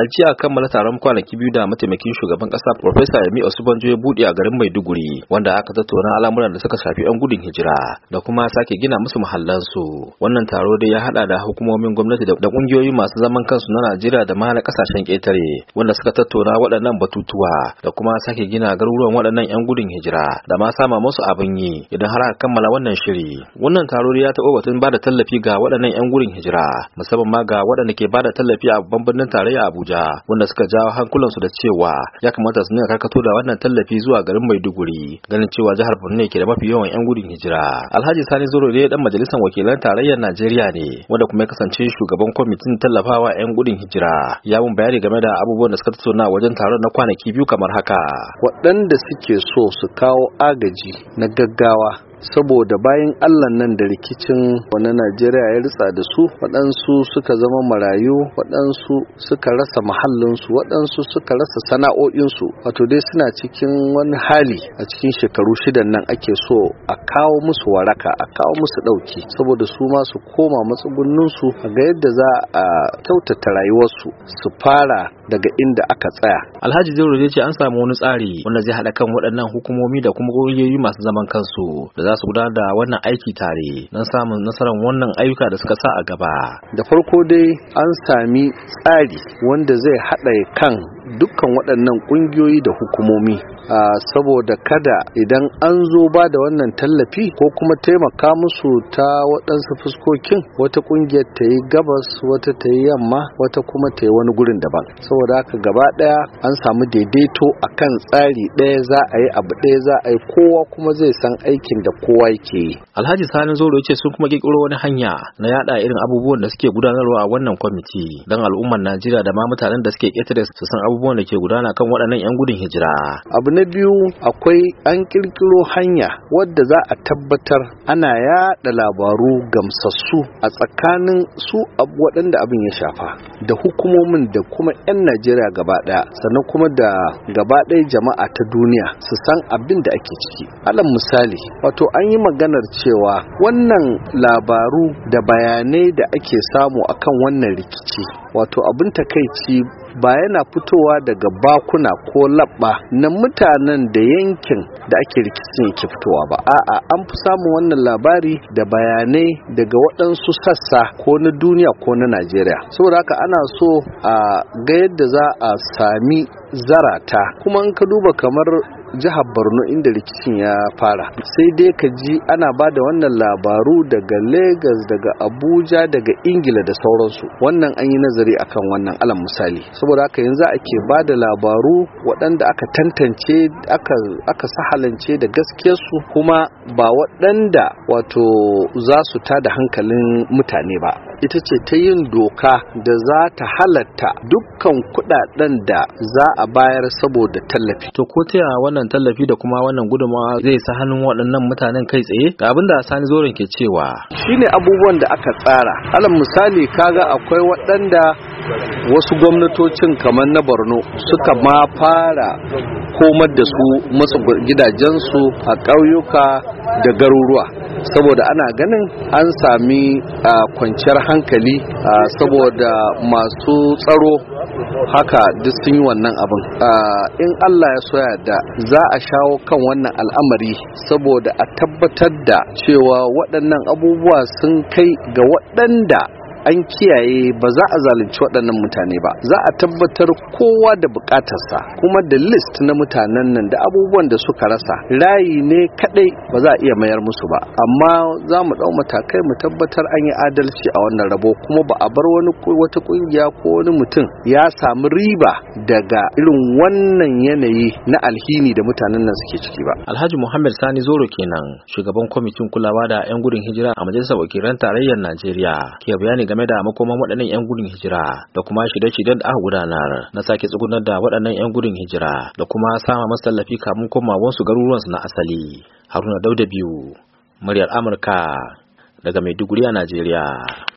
an ce a kammala taron kwanaki biyu da mataimakin shugaban kasa Profesa Yemi Osubanjo ya bude a garin Maiduguri wanda aka tattauna al'amuran da suka shafi 'yan gudun hijira da kuma sake gina musu mahallansu. Wannan taro dai ya hada da hukumomin gwamnati da kungiyoyi masu zaman kansu na Najeriya da ma na kasashen ƙetare wanda suka tattauna waɗannan batutuwa da kuma sake gina garuruwan waɗannan 'yan gudun hijira da ma sama musu abin yi idan har aka kammala wannan shiri. Wannan taro ya taɓa batun ba da tallafi ga waɗannan 'yan gudun hijira musamman ma ga waɗanda ke ba da tallafi a babban birnin tarayya Abuja. Abuja wanda suka jawo hankulansu da cewa ya kamata su ne karkato da wannan tallafi zuwa garin Maiduguri ganin cewa jihar Borno ke da mafi yawan 'yan gudun hijira. Alhaji Sani Zoro ne dan majalisar wakilan tarayyar Najeriya ne wanda kuma ya kasance shugaban kwamitin tallafawa 'yan gudun hijira. Ya mun bayani game da abubuwan da suka tattauna wajen taron na kwanaki biyu kamar haka. Waɗanda suke so su kawo agaji na gaggawa saboda bayan allah nan da rikicin wani najeriya ya ritsa da su waɗansu suka zama marayu waɗansu suka rasa mahallinsu waɗansu suka rasa sana'o'insu wato dai suna cikin wani hali a cikin shekaru shidan nan ake so a kawo musu waraka a kawo musu ɗauki saboda su ma su koma matsugunninsu ga yadda za a kyautata rayuwarsu su fara daga inda aka tsaya alhaji zai ce an samu wani tsari wanda zai haɗa kan waɗannan hukumomi da kuma ƙungiyoyi masu zaman kansu za su gudanar da wannan aiki tare na samun nasarar wannan ayyuka da suka sa a gaba da farko dai an sami tsari wanda zai haɗa kan dukkan waɗannan ƙungiyoyi da hukumomi saboda kada idan an zo ba da wannan tallafi ko kuma taimaka musu ta waɗansu fuskokin wata ƙungiyar ta yi gabas wata ta yi yamma wata kuma ta yi wani gurin daban saboda haka gaba ɗaya an samu daidaito a kan tsari ɗaya za a yi abu ɗaya za a yi kowa kuma zai san aikin da kowa yake yi alhaji sani zoro ya ce sun kuma ƙirƙiro wani hanya na yaɗa irin abubuwan da suke gudanarwa a wannan kwamiti don al'ummar najeriya da ma mutanen da suke ƙetare su san abubuwan da ke gudana kan waɗannan 'yan gudun hijira abu na biyu akwai an kirkiro hanya wadda za a tabbatar ana yada labaru gamsassu a tsakanin su waɗanda abin ya shafa da hukumomin da kuma 'yan najeriya gaba ɗaya sannan kuma da gaba ɗaya jama'a ta duniya su san abin da ake ciki Alam misali wato an yi maganar cewa wannan labaru da bayanai da ake samu akan wannan rikici wato abin takaici ba yana fitowa daga bakuna ko labba na mutanen da yankin da ake rikicin yake fitowa ba a'a an fi samun wannan labari da bayanai daga waɗansu sassa ko na duniya ko na najeriya saboda haka ana so a ga yadda za a sami zarata kuma an ka duba kamar jihar borno inda rikicin ya fara sai dai ka ji ana ba da wannan labaru daga lagos daga abuja daga ingila da sauransu wannan an yi nazari akan wannan alam misali saboda haka yanzu ake ba da labaru waɗanda aka tantance aka sahalance da gaskiyarsu kuma ba waɗanda wato za su tada hankalin mutane ba ita ce ta yin doka da za ta halatta dukkan kudaden da za a bayar saboda tallafi to ko ta wannan tallafi da kuma wannan gudunmawa zai sa hannun waɗannan mutanen kai tsaye ga abin da sani zorin ke cewa shine abubuwan da aka tsara alal misali kaga akwai waɗanda wasu gwamnatocin kamar na borno suka ma fara komar da su matsa gidajensu a ƙauyuka da garuruwa saboda ana ganin an sami kwanciyar hankali saboda masu tsaro haka duk sun yi wannan abin in allah ya soya da za a shawo kan wannan al'amari saboda a tabbatar da cewa waɗannan abubuwa sun kai ga waɗanda an kiyaye ba za a zalunci waɗannan mutane ba za a tabbatar kowa da bukatarsa kuma da list na mutanen nan da abubuwan da suka rasa rayi ne kaɗai ba za a iya mayar musu ba amma za mu ɗau matakai mu tabbatar an yi adalci a wannan rabo kuma ba a bar wani wata ƙungiya ko wani mutum ya samu riba daga irin wannan yanayi na alhini da mutanen nan suke ciki ba alhaji muhammad sani zoro kenan shugaban kwamitin kulawa da 'yan gudun hijira a majalisar wakilan tarayyar najeriya ke bayani game da makoman waɗannan 'yan gudun hijira da kuma shirye-shiryen da aka gudanar na sake tsugunar da waɗannan 'yan gudun hijira da kuma sama masu tallafi kamun garuruwan garuruwansu na asali. Haruna Dauda biyu, muryar Amurka daga Maiduguri a Najeriya.